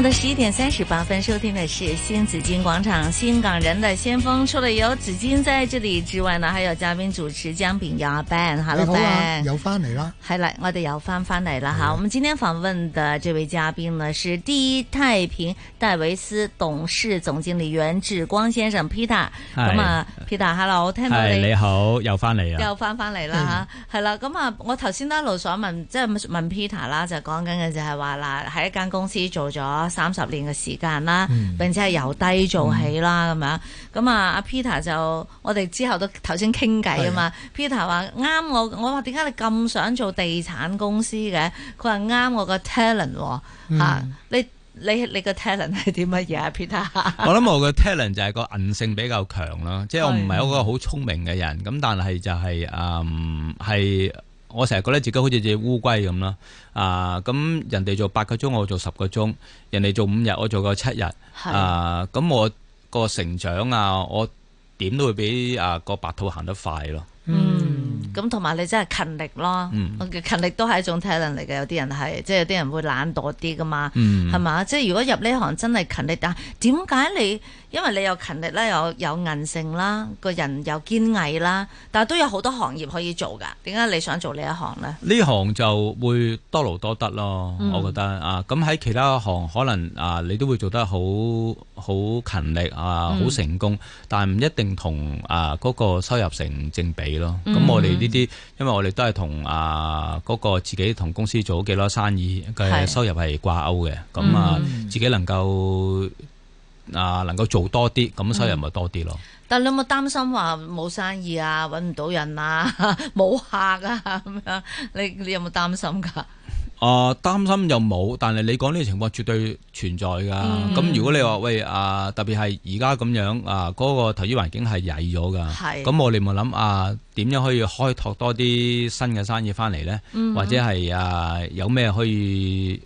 我的十一點三十八分，收聽的是新紫荊廣場，香港人的先鋒。除了有紫荊在這裏之外呢，還有嘉賓主持姜秉堯 Ben l l。Hello，你好、啊，Ben 又翻嚟啦。係啦，我哋又翻翻嚟啦吓，我們今天訪問的這位嘉賓呢，是第一太平戴維斯董事總經理袁志光先生 Peter。咁啊，Peter，Hello，聽到你你好，又翻嚟啊，又翻翻嚟啦吓，係啦的，咁啊的，我頭先一路所問，即係問 Peter 啦，就講緊嘅就係話嗱，喺一間公司做咗，三十年嘅時間啦，並且係由低做起啦咁、嗯、樣，咁啊阿 Peter 就我哋之後都頭先傾偈啊嘛是的，Peter 話啱我，我話，點解你咁想做地產公司嘅？佢話啱我個 talent 吓，你你你個 talent 係啲乜嘢啊？Peter， 我諗我個 talent 就係個韌性比較強咯，即、就、係、是、我唔係一個好聰明嘅人，咁是的 但係就係誒係。嗯我成日覺得自己好似隻烏龜咁啦，啊、呃、咁人哋做八個鐘，我做十個鐘；人哋做五日，我做過七日。啊咁我個成長啊，我點都會比啊個白兔行得快咯。嗯，咁同埋你真係勤力咯。嗯、勤力都係一種體能嚟嘅。有啲人係，即係有啲人會懶惰啲噶嘛。嗯，係嘛？即係如果入呢行真係勤力，但係點解你？因為你又勤力啦，又有有韌性啦，個人又堅毅啦，但係都有好多行業可以做㗎。點解你想做呢一行呢？呢行就會多勞多得咯，嗯、我覺得啊。咁喺其他行可能啊，你都會做得好好勤力啊，好成功，嗯、但唔一定同啊嗰、那個收入成正比咯。咁、嗯、我哋呢啲，因為我哋都係同啊嗰、那個自己同公司做幾多生意嘅收入係掛鈎嘅，咁、嗯、啊自己能夠。啊，能夠做多啲，咁收入咪多啲咯？但你有冇擔心話冇生意啊？揾唔到人啊？冇客啊？咁樣，你你有冇擔心㗎？啊，擔心又冇，但係你講呢個情況絕對存在㗎。咁、嗯、如果你話喂啊、呃，特別係而家咁樣啊，嗰、呃個投資環境係曳咗㗎。係。咁我哋咪諗啊，點、呃、樣可以開拓多啲新嘅生意翻嚟咧？嗯哼。或者係啊、呃，有咩可以？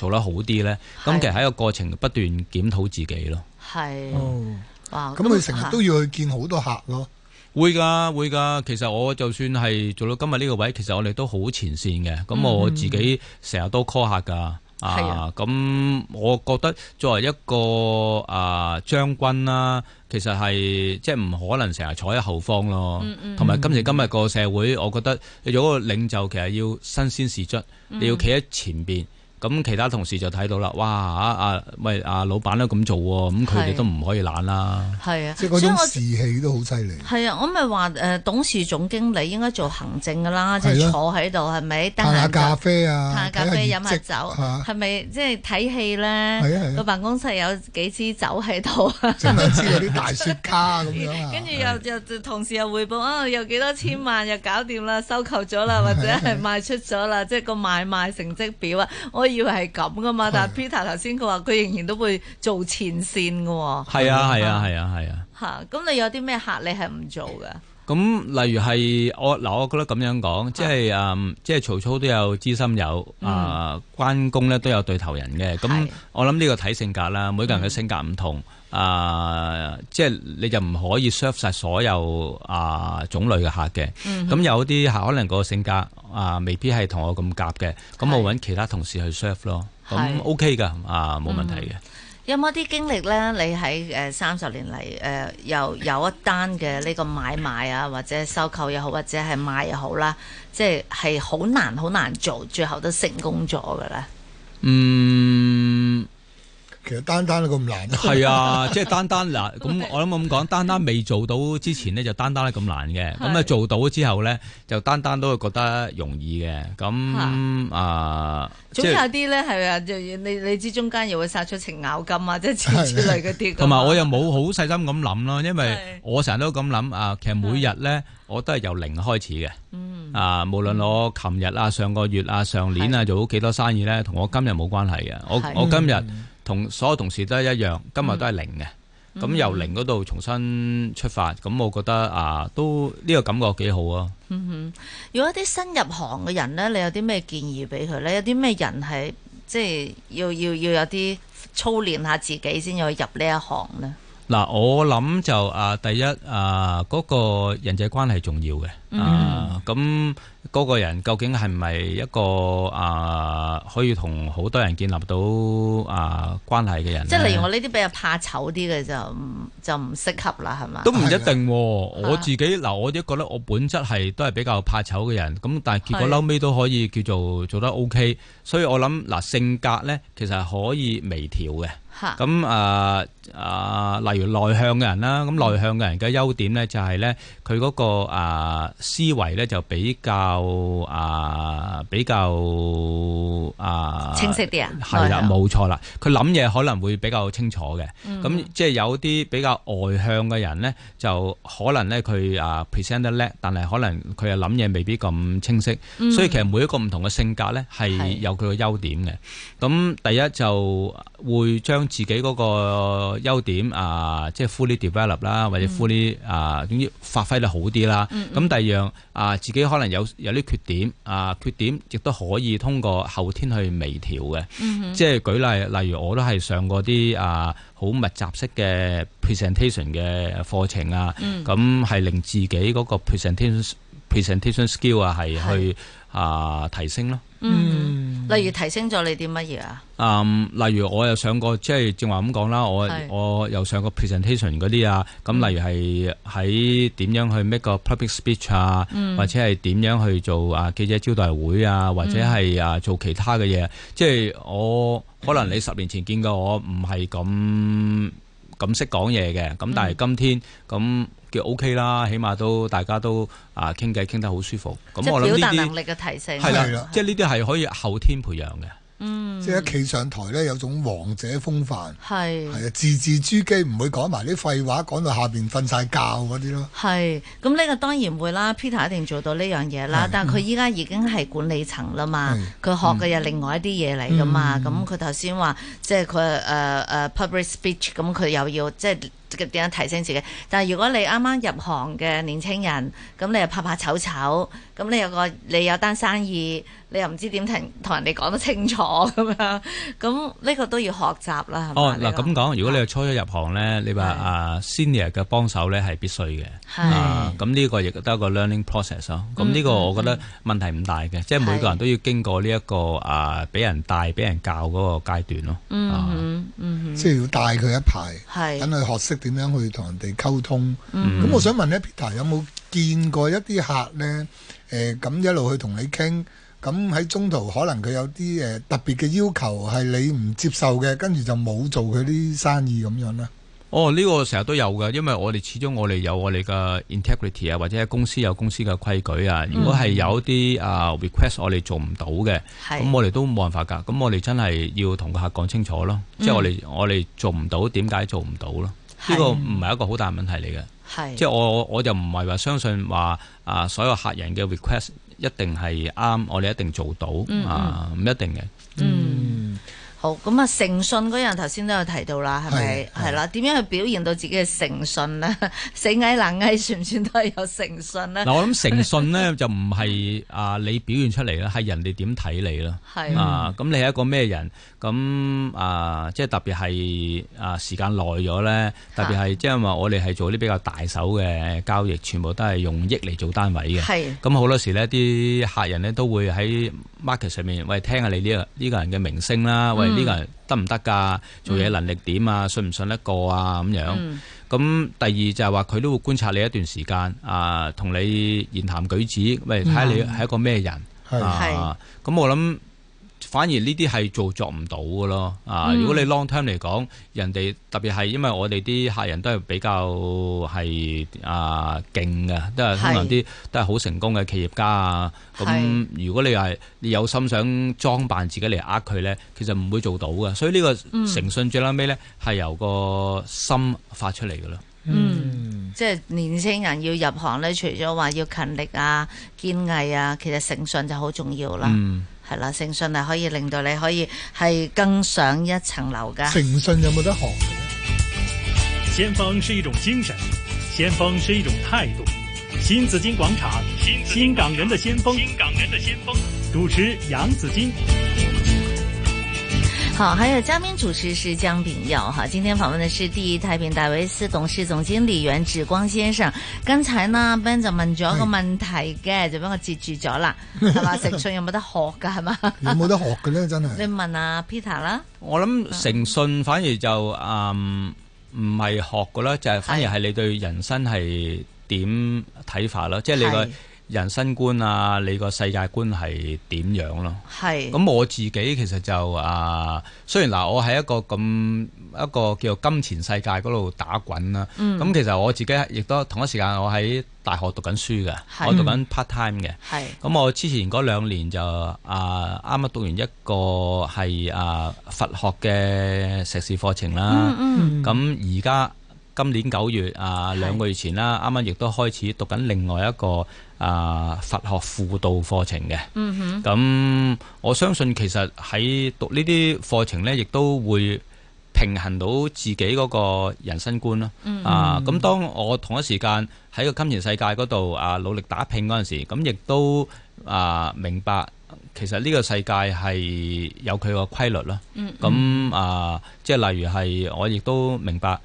做得好啲呢，咁、啊、其實喺個過程不斷檢討自己咯。係、啊，哇！咁佢成日都要去見好多客咯、啊，會噶會噶。其實我就算係做到今日呢個位，其實我哋都好前線嘅。咁我自己成日都 call 客噶、嗯、啊。咁、啊啊、我覺得作為一個啊將軍啦，其實係即係唔可能成日坐喺後方咯。同埋今時今日個社會，我覺得你做個領袖，其實要身先士卒，你要企喺前邊。嗯嗯。咁其他同事就睇到啦，哇嚇！阿咪阿老闆都咁做喎，咁佢哋都唔可以懶啦。係啊，即係嗰種士氣都好犀利。係啊，我咪話誒董事總經理應該做行政噶啦，即係坐喺度係咪？飲下咖啡啊，飲下酒係咪？即係睇戲咧。係啊係啊，個辦公室有幾支酒喺度啊，知道啲大雪茄，跟住又同事又彙報啊，又幾多千萬又搞掂啦，收購咗啦，或者係賣出咗啦，即係個買賣成績表啊，以為係咁噶嘛，但係 Peter 頭先佢話佢仍然都會做前線嘅喎。係啊，係啊，係啊，係啊。吓，咁你有啲咩客你係唔做嘅？咁例如係我嗱，我覺得咁樣講，即係誒，即係曹操都有知心友，啊、嗯呃、關公咧都有對頭人嘅。咁是我諗呢個睇性格啦，每個人嘅性格唔同，啊、嗯呃、即係你就唔可以 serve 曬所有啊、呃、種類嘅客嘅。咁、嗯、哼有啲客可能個性格啊、呃、未必係同我咁夾嘅，咁我揾其他同事去 serve 咯。咁是、嗯、OK 㗎，啊、呃、冇問題嘅。嗯。有冇啲經歷呢？你喺誒三十年嚟誒，又、呃、有，有一單嘅呢個買賣啊，或者收購又好，或者係賣又好啦，即係係好難好難做，最後都成功咗嘅咧。嗯。其實單單都咁難，係啊，即係單單嗱咁，我諗咁講，單單未做到之前呢，就單單咧咁難嘅。咁啊做到之後呢，就單單都會覺得容易嘅。咁啊，總有啲呢，係啊，你你知中間又會殺出程咬金啊，即係之類嘅啲。同埋我又冇好細心咁諗囉，因為我成日都咁諗啊，其實每日呢，我都係由零開始嘅。嗯啊，無論我琴日啊、上個月啊、上年啊做幾多生意呢，同我今日冇關係嘅。我我今日同所有同事都係一樣，今日都係零嘅，咁由零嗰度重新出發，咁我覺得啊，都呢個感覺幾好啊！嗯哼。如果啲新入行嘅人咧，你有啲咩建議俾佢咧？有啲咩人係即係要要要有啲操練下自己先再入呢一行咧？嗱，我諗就啊，第一啊，嗰個人際關係重要嘅。嗯，咁嗰、啊那個人究竟係咪一個啊可以同好多人建立到啊關係嘅人？即係例如我呢啲比較怕醜啲嘅就就唔適合啦，係咪？都唔一定，的我自己嗱，我亦覺得我本質係都係比較怕醜嘅人，咁但係結果嬲尾都可以叫做做得 OK，的所以我諗嗱、啊、性格咧其實係可以微調嘅。咁哈啊啊，例如內向嘅人啦，咁內向嘅人嘅優點咧就係咧佢嗰個啊。思維咧就比較啊，比較啊清晰啲啊，係啦，冇錯啦。佢諗嘢可能會比較清楚嘅。咁即係有啲比較外向嘅人咧，就可能咧佢啊 present 得叻，但係可能佢啊諗嘢未必咁清晰。所以其實每一個唔同嘅性格咧，係有佢嘅優點嘅。咁第一就會將自己個優點啊，即係 fully develop 啦，或者 fully 啊，總之發揮得好啲啦。咁第二。讓啊自己可能有有啲缺點啊缺點，亦、啊、都可以通過後天去微調嘅。嗯、哼即係舉例，例如我都係上過啲啊好密集式嘅 presentation 嘅課程啊，咁係、嗯、令自己嗰個 presentation presentation skill 是啊係去啊提升咯。嗯。例如提升咗你啲乜嘢啊？誒、嗯，例如我又上過，即係正話咁講啦，我是我又上過 presentation 嗰啲啊。咁例如係喺點樣去 make 個 public speech 啊、嗯，或者係點樣去做啊記者招待會啊，或者係啊做其他嘅嘢。嗯、即係我可能你十年前見過我唔係咁。咁識講嘢嘅，咁但係今天咁叫 OK 啦，起碼都大家都啊傾偈傾得好舒服。咁我諗表達能力嘅提升係啦，即係呢啲係可以後天培養嘅。嗯，即係一企上台咧，有種王者風範，係係啊，字字珠璣，唔會講埋啲廢話，講到下邊瞓晒覺嗰啲咯。係，咁呢個當然會啦，Peter 一定做到呢樣嘢啦。是但係佢依家已經係管理層啦嘛，佢是學嘅又另外一啲嘢嚟噶嘛。咁佢頭先話，即係佢誒誒 public speech，咁佢又要即係。點樣提升自己？但係如果你啱啱入行嘅年輕人，咁你又怕怕醜醜，咁你有個你有單生意，你又唔知點同同人哋講得清楚咁樣，咁呢個都要學習啦。哦，嗱咁講，如果你係初初入行咧，你話是啊 senior 嘅幫手咧係必須嘅，是啊咁呢個亦都一個 learning process 咯、啊。咁呢個我覺得問題唔大嘅，即係、嗯嗯嗯、每個人都要經過呢、這、一個啊俾人帶俾人教嗰個階段咯。啊、嗯嗯，嗯，嗯即係要帶佢一排，係等佢學識是。點樣去同人哋溝通？咁、嗯、我想問咧，Peter 有冇見過一啲客咧？誒、呃，咁一路去同你傾，咁喺中途可能佢有啲誒特別嘅要求係你唔接受嘅，跟住就冇做佢啲生意咁樣啦？哦，呢、這個成日都有噶，因為我哋始終我哋有我哋嘅 integrity 啊，或者公司有公司嘅規矩啊。嗯、如果係有啲啊、uh, request 我哋做唔到嘅，咁是的 我哋都冇辦法噶。咁我哋真係要同個客講清楚咯，嗯、即係我哋我哋做唔到，點解做唔到咯？呢個唔係一個好大問題嚟嘅。係即係我我就唔係話相信話啊所有客人嘅 request 一定係啱，我哋一定做到嗯嗯，啊唔一定嘅。嗯好咁啊！誠、嗯、信嗰樣頭先都有提到是是是啦，係咪係啦？點樣去表現到自己嘅誠信咧？ 死矮冷矮算唔算都係有誠信咧？嗱， 我諗誠信咧就唔係啊，你表現出嚟啦，係人哋點睇你咯。係啊，咁、啊、你係一個咩人？咁啊，即係特別係啊，時間耐咗咧，特別係即係話我哋係做啲比較大手嘅交易，全部都係用億嚟做單位嘅。係是，咁好多時咧啲客人咧都會喺 market 上面喂聽下你呢個呢個人嘅名聲啦，喂。呢、嗯、個得唔得㗎？做嘢能力點啊？信唔信得過啊？咁樣。咁、嗯、第二就係話佢都會觀察你一段時間啊，同你言談舉止，咪、哎、睇下你係一個咩人、嗯、啊？咁是是、啊、我諗。反而呢啲係做作唔到噶咯，啊！如果你 long time 嚟講，嗯、人哋特別係因為我哋啲客人都係比較係啊勁嘅，都係可能啲都係好成功嘅企業家啊。咁是、嗯、如果你係你有心想裝扮自己嚟呃佢呢，其實唔會做到噶。所以呢個誠信最屘尾呢係由個心發出嚟噶咯。嗯，嗯即係年輕人要入行呢，除咗話要勤力啊、堅毅啊，其實誠信就好重要啦。嗯係啦，誠信係可以令到你可以係更上一層樓噶。誠信有冇得學嘅？先鋒是一種精神，先鋒是一種態度。新紫金廣場，新紫金廣場，新港人的先鋒，新港人的先鋒，主持楊紫金。好，還有嘉賓主持是姜炳耀哈，今天訪問的是第一太平戴維斯董事總經理袁志光先生。剛才呢，Ben 就問咗一個問題嘅，是就俾我截住咗啦，係嘛？ 誠信有冇得學噶？係嘛？有冇得學嘅咧？真係你問阿、啊、Peter 啦，我諗誠信反而就嗯唔係學噶啦，就係、是、反而係你對人生係點睇法咯，即係你個。人生觀啊，你個世界觀係點樣咯？係是。咁我自己其實就啊，雖然嗱，我喺一個咁一個叫做金錢世界嗰度打滾啦。咁、嗯、其實我自己亦都同一時間，我喺大學讀緊書嘅，是我讀緊 part time 嘅。係、嗯。咁我之前嗰兩年就啊，啱啱讀完一個係啊佛學嘅碩士課程啦。咁而家。今年九月啊，兩個月前啦，啱啱亦都開始讀緊另外一個啊佛學輔導課程嘅。嗯哼。咁我相信其實喺讀呢啲課程呢，亦都會平衡到自己嗰個人生觀啦。嗯嗯啊，咁當我同一時間喺個金錢世界嗰度啊努力打拼嗰陣時，咁亦都啊明白，其實呢個世界係有佢個規律啦。咁、嗯嗯、啊，即係例如係我亦都明白。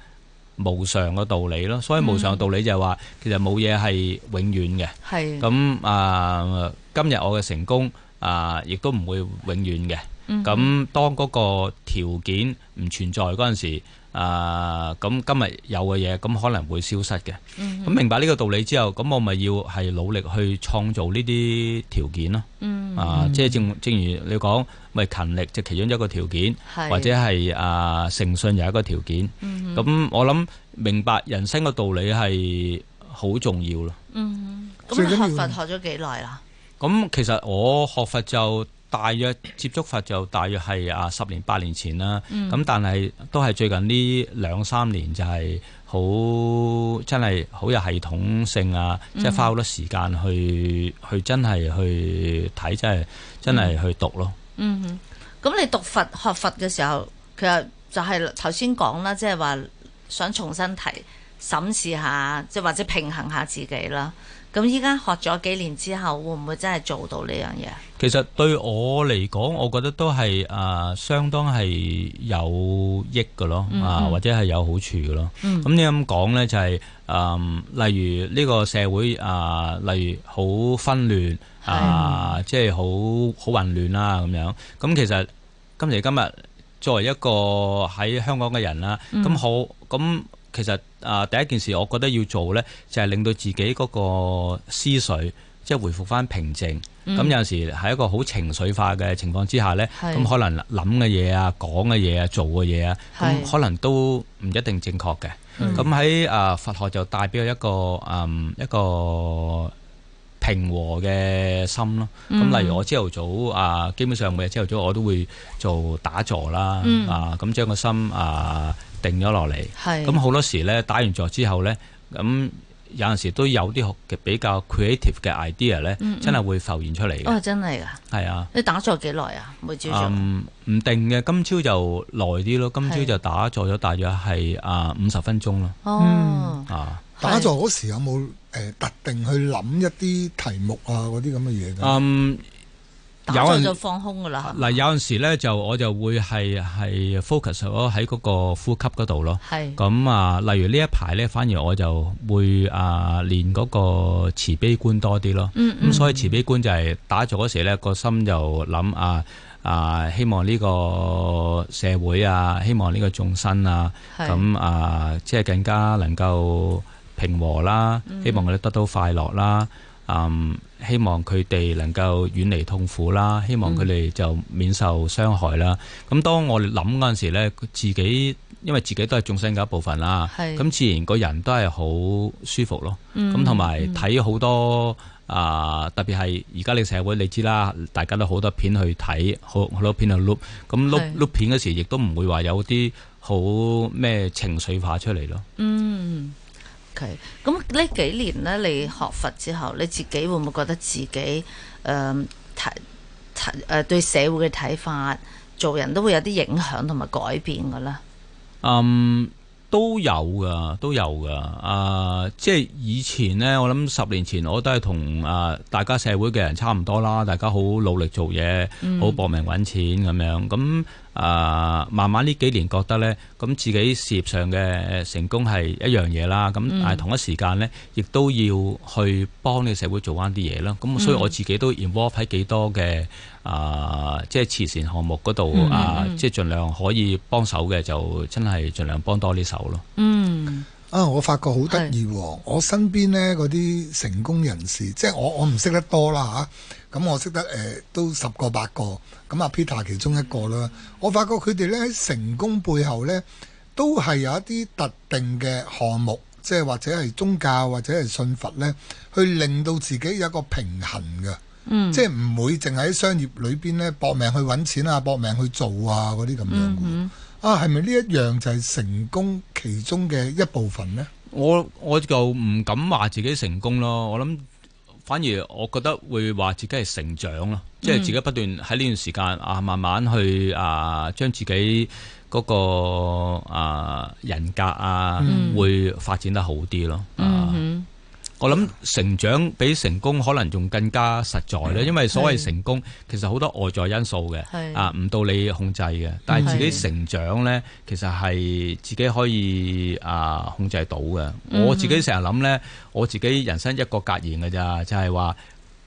無常嘅道理咯，所以無常嘅道理就係話，其實冇嘢係永遠嘅。咁啊的、呃，今日我嘅成功啊、呃，亦都唔會永遠嘅。咁、嗯、當嗰個條件唔存在嗰陣時，啊、呃，咁今日有嘅嘢，咁可能會消失嘅。咁、嗯、哼明白呢個道理之後，咁我咪要係努力去創造呢啲條件咯。嗯、哼啊，即係正正如你講，咪勤力就其中一個條件，的或者係啊誠信又係一個條件。咁、嗯、哼我諗明白人生嘅道理係好重要咯。咁、嗯、學佛學咗幾耐啦？咁其實我學佛就。大約接觸佛就大約係啊十年八年前啦，咁、嗯、但係都係最近呢兩三年就係好真係好有系統性啊，即係、嗯、哼花好多時間去去真係去睇，即係真係去讀咯。嗯、咁你讀佛學佛嘅時候，其實就係頭先講啦，即係話想重新提審視下，即係或者平衡下自己啦。咁依家學咗幾年之後，會唔會真係做到呢樣嘢？其實對我嚟講，我覺得都係啊，相當係有益嘅咯，啊或者係有好處嘅咯。咁你咁講呢，就係啊，例如呢個社會啊，例如好紛亂啊，即係好好混亂啦咁樣。咁其實今時今日作為一個喺香港嘅人啦，咁好咁，其實啊第一件事，我覺得要做呢，就係令到自己嗰個思緒，即係回復翻平靜，咁、嗯、有時喺一個好情緒化嘅情況之下呢，咁是可能諗嘅嘢啊、講嘅嘢啊、做嘅嘢啊，咁是可能都唔一定正確嘅。咁喺啊佛學就代表一個嗯一個平和嘅心咯。咁、嗯、例如我朝頭早啊，基本上每日朝頭早我都會做打坐啦，嗯、啊咁將個心啊定咗落嚟。咁好是多時呢，打完坐之後呢，咁、嗯。有陣時都有啲學嘅比較 creative 嘅 idea 咧，真係會浮現出嚟嘅、嗯嗯。哦，真係噶。係啊。你打咗幾耐啊？每朝。唔、嗯、定嘅，今朝就耐啲咯。今朝就打坐咗大約係啊五十分鐘咯。是嗯、哦。啊。是打坐嗰時有冇誒、呃、特定去諗一啲題目啊嗰啲咁嘅嘢㗎？有陣就放空噶啦，嗱，有陣人吧時咧，就我就會係係 focus 咗喺嗰個呼吸嗰度咯，係咁是啊，例如呢一排咧，反而我就會啊練嗰個慈悲觀多啲咯，咁、嗯嗯、所以慈悲觀就係打坐嗰時咧，個心就諗啊啊希望呢個社會啊，希望呢個眾生啊咁是啊即係更加能夠平和啦，嗯、希望佢哋得到快樂啦。嗯，希望佢哋能夠遠離痛苦啦，希望佢哋就免受傷害啦。咁、嗯、當我諗嗰陣時咧，自己因為自己都係眾生嘅一部分啦，咁是自然個人都係好舒服咯。咁同埋睇好多啊、嗯呃，特別係而家呢個社會，你知啦，大家都好多片去睇，好多片去碌，咁碌碌片嗰時，亦都唔會話有啲好咩情緒化出嚟咯。嗯。.咁呢、okay. 幾年呢，你學佛之後，你自己會唔會覺得自己誒睇睇誒對社會嘅睇法，做人都會有啲影響同埋改變嘅咧？嗯、um。都有㗎，都有㗎。啊、呃，即係以前呢，我諗十年前我都係同啊大家社會嘅人差唔多啦。大家好努力做嘢，好搏、嗯、命揾錢咁樣。咁啊、呃，慢慢呢幾年覺得呢，咁自己事業上嘅成功係一樣嘢啦。咁但係同一時間呢，亦都要去幫你社會做翻啲嘢啦。咁、嗯、所以我自己都 involve 喺幾多嘅。呃嗯、啊，即係慈善項目嗰度啊，即係盡量可以幫手嘅，就真係盡量幫多啲手咯。嗯，啊，我發覺好得意喎，是我身邊呢嗰啲成功人士，即係我、啊、我唔識得多啦吓，咁我識得誒都十個八個，咁啊 Peter 其中一個啦，嗯、我發覺佢哋呢喺成功背後呢，都係有一啲特定嘅項目，即係或者係宗教或者係信佛呢，去令到自己有一個平衡嘅。嗯、即係唔會淨喺商業裏邊咧搏命去揾錢啊，搏命去做啊嗰啲咁樣、嗯嗯、啊，係咪呢一樣就係成功其中嘅一部分呢？我我就唔敢話自己成功咯，我諗反而我覺得會話自己係成長咯，即係、嗯、自己不斷喺呢段時間啊，慢慢去啊將自己嗰、嗰個啊人格啊、嗯、會發展得好啲咯、啊嗯。嗯。嗯。我諗成長比成功可能仲更加實在咧，因為所謂成功其實好多外在因素嘅，是啊，唔到你控制嘅，但係自己成長呢，其實係自己可以啊控制到嘅。我自己成日諗呢，嗯、哼我自己人生一個格言嘅咋，就係、是、話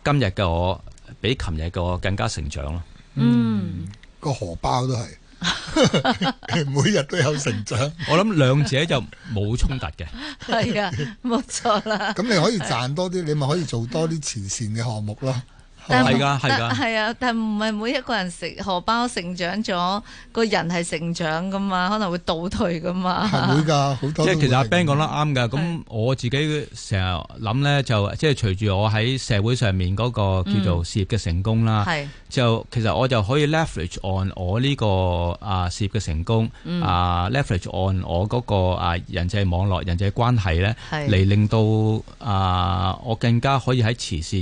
今日嘅我比琴日嘅我更加成長咯。嗯，嗯個荷包都係。 每日都有成長，我諗兩者就冇衝突嘅，係啊， 冇錯啦。咁 你可以賺多啲， 你咪可以做多啲慈善嘅項目咯。係㗎，係㗎，係啊！但係唔係每一個人食荷包成長咗，個人係成長噶嘛，可能會倒退噶嘛。係會㗎，好多。即係其實阿 Ben 講得啱㗎。咁我自己成日諗咧，就即係隨住我喺社會上面嗰個叫做事業嘅成功啦，就其實我就可以 leverage on 我呢個啊事業嘅成功啊 leverage on 我嗰個啊人際網絡、人際關係咧，嚟令到啊我更加可以喺慈善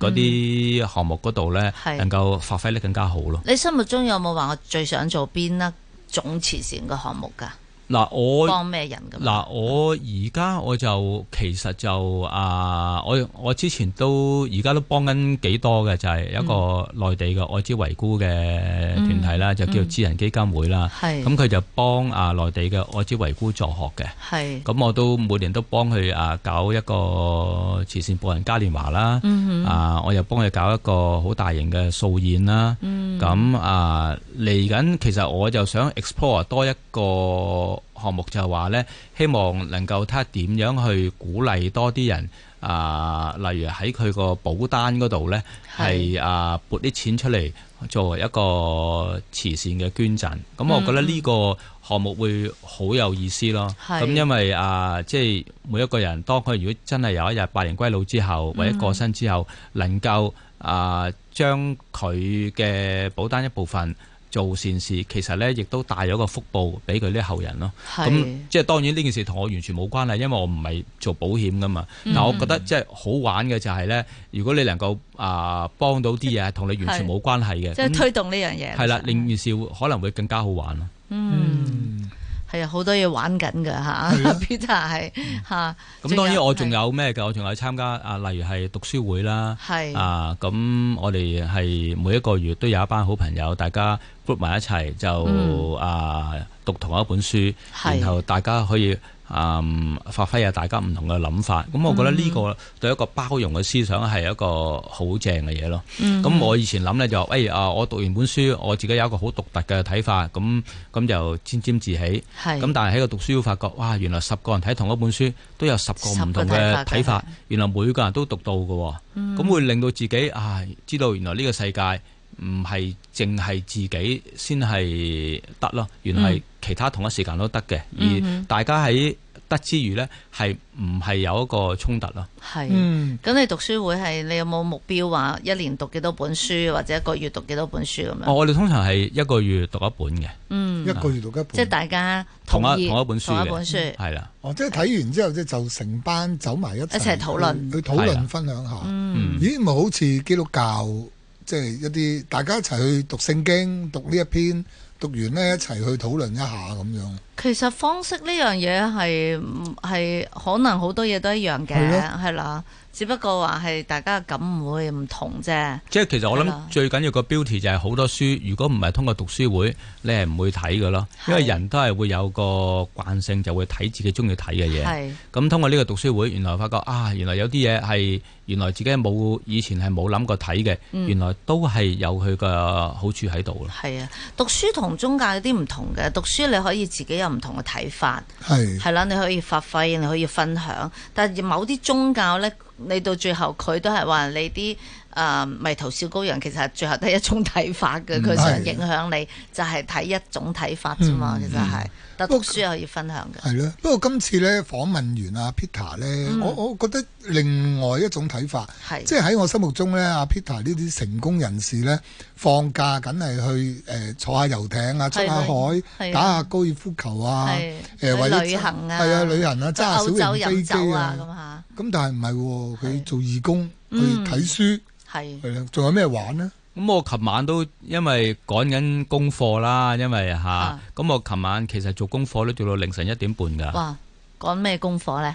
嗰啲個項目嗰度呢，能夠發揮得更加好咯。你心目中有冇話我最想做邊一種慈善嘅項目㗎？嗱我，嗱我而家我就其實就啊，我我之前都而家都幫緊幾多嘅，就係、是、一個內地嘅愛滋遺孤嘅團體啦，嗯嗯、就叫做智人基金會啦。咁佢是、嗯、就幫啊內地嘅愛滋遺孤助學嘅。咁是我都每年都幫佢啊搞一個慈善博人嘉年華啦。嗯嗯、啊，我又幫佢搞一個好大型嘅素宴啦。嗯咁、嗯、啊，嚟緊其實我就想 explore 多一個項目，就係、是、話呢，希望能夠睇下點樣去鼓勵多啲人啊，例如喺佢個保單嗰度呢，係是啊撥啲錢出嚟作為一個慈善嘅捐贈。咁、嗯、我覺得呢個項目會好有意思咯。咁是因為啊，即係每一個人，當佢如果真係有一日百年歸老之後，或者過身之後，能夠、嗯。嗯啊、呃！將佢嘅保單一部分做善事，其實咧亦都帶咗個福報俾佢啲後人咯。咁是即係當然呢件事同我完全冇關係，因為我唔係做保險噶嘛。嗱、嗯，但我覺得即係好玩嘅就係、是、咧，如果你能夠啊幫到啲嘢，同你完全冇關係嘅，那即係推動呢樣嘢，係啦那，令件事可能會更加好玩咯。嗯。嗯。係啊，好多嘢玩緊㗎？Peter 係吓？咁當然我仲有咩㗎？的我仲有參加啊，例如係讀書會啦，的啊，咁我哋係每一個月都有一班好朋友，大家 group 埋一齊就、嗯、啊讀同一本書，的然後大家可以。嗯，發揮下大家唔同嘅諗法，咁我覺得呢個對一個包容嘅思想係一個好正嘅嘢咯。咁、嗯、哼我以前諗呢，就，哎呀，我讀完本書，我自己有一個好獨特嘅睇法，咁咁就沾沾自喜。咁是但係喺個讀書會發覺，哇，原來十個人睇同一本書都有十個唔同嘅睇法，法原來每個人都讀到㗎喎。咁、嗯、會令到自己，唉，知道原來呢個世界。唔係淨係自己先係得咯，原來係其他同一時間都得嘅。而大家喺得之餘呢，係唔係有一個衝突咯？係。咁你讀書會係你有冇目標話一年讀幾多本書，或者一個月讀幾多本書咁樣？我哋通常係一個月讀一本嘅，一個月讀一本。即係大家同一同一本書嘅，係啦。哦，即係睇完之後即就成班走埋一，一齊討論，去討論分享下。咦？唔好似基督教。即係一啲大家一齊去讀聖經，讀呢一篇，讀完咧一齊去討論一下咁樣。其實方式呢樣嘢係係可能好多嘢都一樣嘅，係啦的，只不過話係大家嘅感唔會唔同啫。即係其實我諗最緊要個標題就係好多書，如果唔係通過讀書會，你係唔會睇嘅咯。的因為人都係會有個慣性，就會睇自己中意睇嘅嘢。咁的通過呢個讀書會，原來發覺啊，原來有啲嘢係原來自己冇以前係冇諗過睇嘅，原來都係有佢嘅好處喺度咯。係啊、嗯，讀書中同中介有啲唔同嘅，讀書你可以自己有。唔同嘅睇法，係係啦，你可以發揮，你可以分享。但係某啲宗教呢，你到最後佢都係話你啲。誒、嗯，迷途小羔羊其實係最後第一種睇法嘅，佢想影響你，就係、是、睇一種睇法啫嘛。嗯嗯、其實係，但係讀書又要分享嘅。係咯、嗯嗯嗯，不過今次咧訪問完阿 Peter 咧，我我覺得另外一種睇法，嗯、即係喺我心目中咧，阿 Peter 呢啲成功人士咧，放假梗係去誒坐下遊艇啊，出下海，打下高爾夫球啊，誒，旅行啊。係啊、呃，旅行啊，揸、啊、小型飛機啊，咁吓、啊。咁但係唔係，佢做義工，佢睇書。係，係啦，仲有咩玩咧？咁我琴晚都因為趕緊功課啦，因為吓，咁我琴晚其實做功課都做到凌晨一點半噶。哇，趕咩功課咧？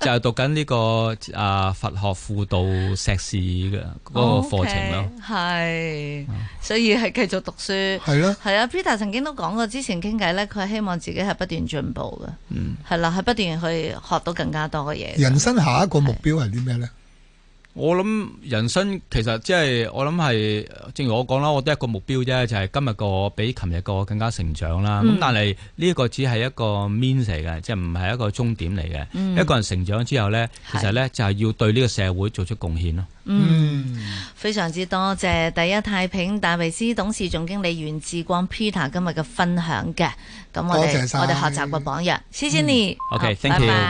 就係讀緊呢個啊佛學輔導碩士嘅嗰個課程咯。係，所以係繼續讀書。係咯，係啊。Peter 曾經都講過，之前傾偈咧，佢希望自己係不斷進步嘅。嗯，係啦，係不斷去學到更加多嘅嘢。人生下一個目標係啲咩咧？我諗人生其實即、就、係、是、我諗係，正如我講啦，我都一個目標啫，就係、是、今日個比琴日個更加成長啦。咁、嗯、但係呢個只係一個 mean 嚟嘅，即係唔係一個終點嚟嘅。嗯、一個人成長之後呢，其實呢就係要對呢個社會做出貢獻咯。嗯，嗯非常之多謝第一太平戴維斯董事總經理袁志光 Peter 今日嘅分享嘅。咁我哋我哋學習個榜樣，謝謝你。嗯、OK，thank、okay, 好 you bye bye。